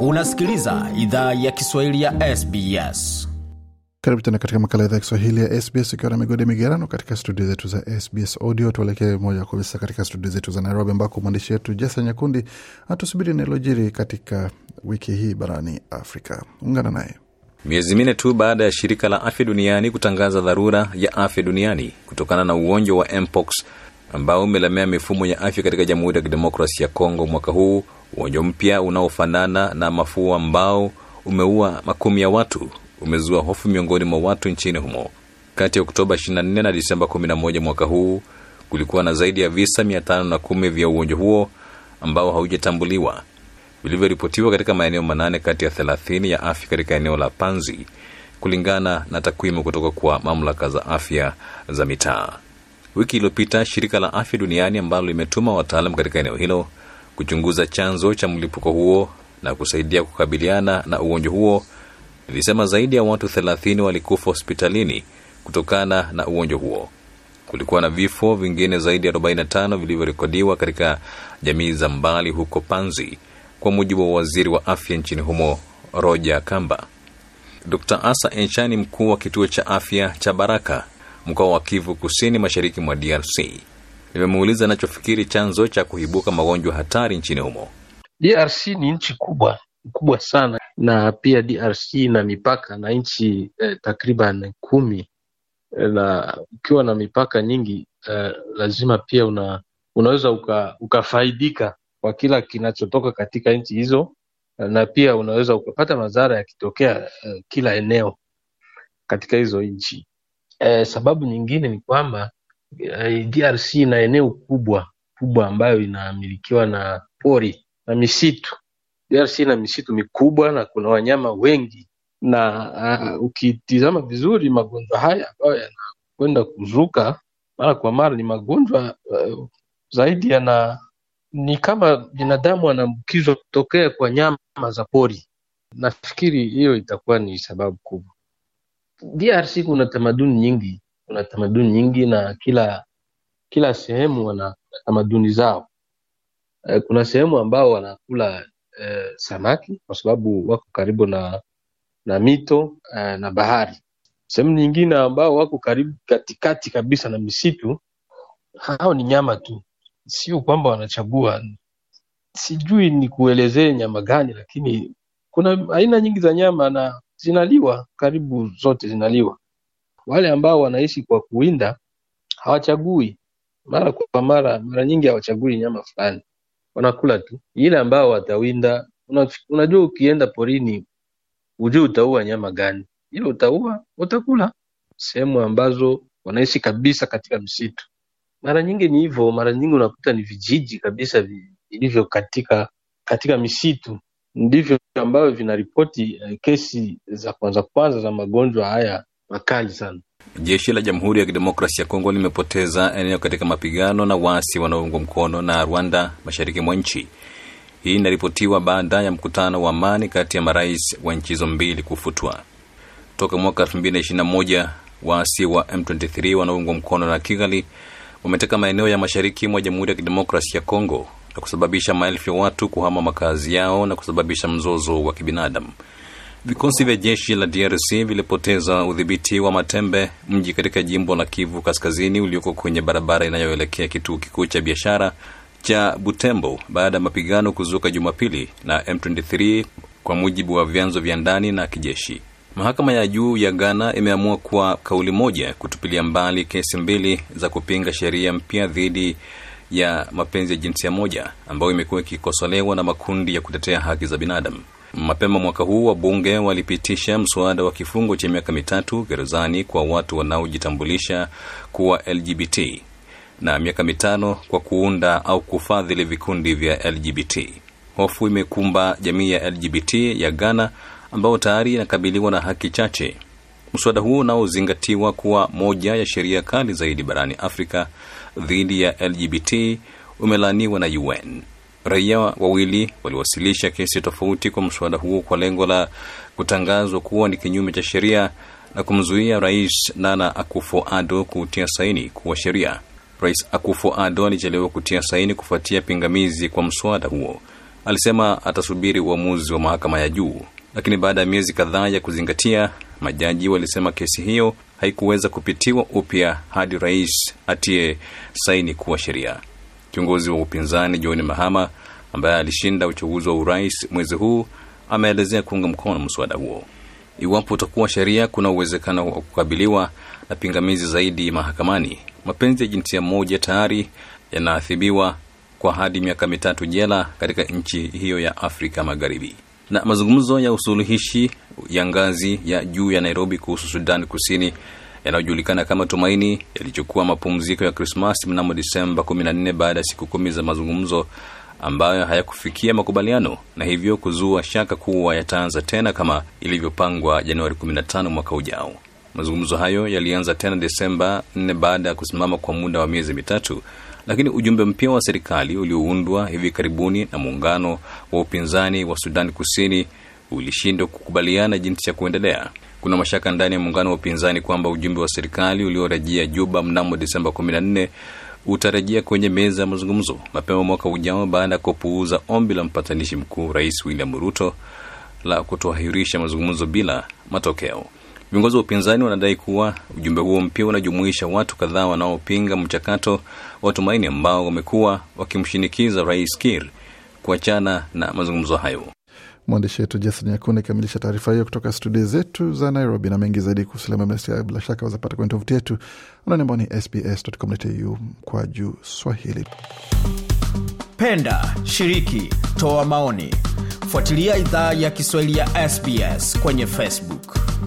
Unasikiliza idhaa ya Kiswahili ya SBS. Karibu tena katika makala idhaa ya Kiswahili ya SBS ukiwa na migode migerano katika studio zetu za SBS Audio. Tuelekee moja kabisa katika studio zetu za Nairobi, ambako mwandishi wetu Jesa Nyakundi atusubiri nailojiri katika wiki hii barani Afrika. Ungana naye. Miezi minne tu baada ya shirika la afya duniani kutangaza dharura ya afya duniani kutokana na ugonjwa wa mpox ambao umelemea mifumo ya afya katika Jamhuri ya Kidemokrasi ya Kongo mwaka huu, ugonjwa mpya unaofanana na mafua ambao umeua makumi ya watu umezua hofu miongoni mwa watu nchini humo. Kati ya Oktoba 24 na Disemba 11 mwaka huu kulikuwa na zaidi ya visa 51 vya ugonjwa huo ambao haujatambuliwa vilivyoripotiwa katika maeneo manane kati ya 30 ya afya katika eneo la Panzi kulingana na takwimu kutoka kwa mamlaka za afya za mitaa. Wiki iliyopita shirika la afya duniani ambalo limetuma wataalam katika eneo hilo kuchunguza chanzo cha mlipuko huo na kusaidia kukabiliana na ugonjwa huo lilisema zaidi ya watu 30 walikufa hospitalini kutokana na ugonjwa huo. Kulikuwa na vifo vingine zaidi ya 45 vilivyorekodiwa katika jamii za mbali huko Panzi, kwa mujibu wa waziri wa afya nchini humo Roger Kamba. Dr. Asa Enchani, mkuu wa kituo cha afya cha Baraka, mkoa wa Kivu Kusini, mashariki mwa DRC. Nimemuuliza anachofikiri chanzo cha kuibuka magonjwa hatari nchini humo. DRC ni nchi kubwa kubwa sana, na pia DRC ina mipaka na nchi eh, takriban kumi eh, na ukiwa na mipaka nyingi eh, lazima pia una, unaweza uka, ukafaidika kwa kila kinachotoka katika nchi hizo, eh, na pia unaweza ukapata madhara yakitokea uh, kila eneo katika hizo nchi Eh, sababu nyingine ni kwamba eh, DRC ina eneo kubwa kubwa ambayo inamilikiwa na pori na misitu. DRC ina misitu mikubwa na kuna wanyama wengi, na uh, ukitizama vizuri magonjwa haya ambayo yanakwenda kuzuka mara kwa mara ni magonjwa uh, zaidi yana ni kama binadamu anaambukizwa kutokea kwa nyama za pori. Nafikiri hiyo itakuwa ni sababu kubwa. DRC kuna tamaduni nyingi, kuna tamaduni nyingi na kila kila sehemu wana tamaduni zao. Eh, kuna sehemu ambao wanakula eh, samaki kwa sababu wako karibu na na mito eh, na bahari. Sehemu nyingine ambao wako karibu katikati kabisa na misitu, hao ni nyama tu, sio kwamba wanachagua. Sijui ni kuelezee nyama gani, lakini kuna aina nyingi za nyama na zinaliwa, karibu zote zinaliwa. Wale ambao wanaishi kwa kuwinda hawachagui mara kwa mara, mara nyingi hawachagui nyama fulani, wanakula tu ile ambao watawinda. unajua ukienda porini hujui utaua nyama gani, ile utaua utakula. Sehemu ambazo wanaishi kabisa katika msitu, mara nyingi ni hivyo. Mara nyingi unakuta ni vijiji kabisa vilivyo katika katika misitu ndivyo ambavyo vinaripoti eh, kesi za kwanza kwanza za magonjwa haya makali sana. Jeshi la Jamhuri ya Kidemokrasia ya Kongo limepoteza eneo katika mapigano na waasi wanaoungwa mkono na Rwanda mashariki mwa nchi. Hii inaripotiwa baada ya mkutano wa amani kati ya marais wa nchi hizo mbili kufutwa. Toka mwaka 2021 waasi wa M23 wanaoungwa mkono na Kigali wameteka maeneo ya mashariki mwa Jamhuri ya Kidemokrasia ya Kongo na kusababisha maelfu ya watu kuhama makazi yao na kusababisha mzozo wa kibinadamu. Vikosi vya jeshi la DRC vilipoteza udhibiti wa Matembe, mji katika jimbo la Kivu Kaskazini ulioko kwenye barabara inayoelekea kituo kikuu cha biashara cha Butembo baada ya mapigano kuzuka Jumapili na M23 kwa mujibu wa vyanzo vya ndani na kijeshi. Mahakama ya juu ya Ghana imeamua kwa kauli moja kutupilia mbali kesi mbili za kupinga sheria mpya dhidi ya mapenzi ya jinsia moja ambayo imekuwa ikikosolewa na makundi ya kutetea haki za binadamu. Mapema mwaka huu wabunge walipitisha mswada wa kifungo cha miaka mitatu gerezani kwa watu wanaojitambulisha kuwa LGBT na miaka mitano kwa kuunda au kufadhili vikundi vya LGBT. Hofu imekumba jamii ya LGBT ya Ghana ambayo tayari inakabiliwa na haki chache. Mswada huo unaozingatiwa kuwa moja ya sheria kali zaidi barani Afrika dhidi ya LGBT umelaaniwa na UN. Raia wawili waliwasilisha kesi tofauti kwa mswada huo kwa lengo la kutangazwa kuwa ni kinyume cha sheria na kumzuia Rais Nana Akufo-Addo kutia saini kuwa sheria. Rais Akufo-Addo alichelewa kutia saini kufuatia pingamizi kwa mswada huo. Alisema atasubiri uamuzi wa mahakama ya juu, lakini baada ya miezi kadhaa ya kuzingatia Majaji walisema kesi hiyo haikuweza kupitiwa upya hadi rais atie saini kuwa sheria. Kiongozi wa upinzani John Mahama ambaye alishinda uchaguzi wa urais mwezi huu ameelezea kuunga mkono mswada huo. Iwapo utakuwa sheria, kuna uwezekano wa kukabiliwa na pingamizi zaidi mahakamani. Mapenzi ya jinsia moja tayari yanaadhibiwa kwa hadi miaka mitatu jela katika nchi hiyo ya Afrika Magharibi na mazungumzo ya usuluhishi ya ngazi ya juu ya Nairobi kuhusu Sudan Kusini yanayojulikana kama Tumaini yalichukua mapumziko ya Krismasi mnamo Disemba 14 baada ya siku kumi za mazungumzo ambayo hayakufikia makubaliano na hivyo kuzua shaka kuwa yataanza tena kama ilivyopangwa Januari 15 mwaka ujao. Mazungumzo hayo yalianza tena Desemba 4 baada ya kusimama kwa muda wa miezi mitatu lakini ujumbe mpya wa serikali ulioundwa hivi karibuni na muungano wa upinzani wa sudani Kusini ulishindwa kukubaliana jinsi cha kuendelea. Kuna mashaka ndani ya muungano wa upinzani kwamba ujumbe wa serikali uliorejea Juba mnamo disemba 14 utarejea kwenye meza ya mazungumzo mapema mwaka ujao baada ya kupuuza ombi la mpatanishi mkuu Rais William Ruto la kutoahirisha mazungumzo bila matokeo. Viongozi wa upinzani wanadai kuwa ujumbe huo mpya unajumuisha watu kadhaa wanaopinga mchakato wa tumaini ambao wamekuwa wakimshinikiza Rais kir kuachana na mazungumzo hayo. Mwandishi wetu Jason Nyakundi akamilisha taarifa hiyo kutoka studio zetu za Nairobi. Na mengi zaidi kuhusu bila shaka wazapata kwenye tovuti yetu anwani ambao ni sbs.com.au kwa juu Swahili. Penda, shiriki, toa maoni, fuatilia idhaa ya Kiswahili ya SBS kwenye Facebook.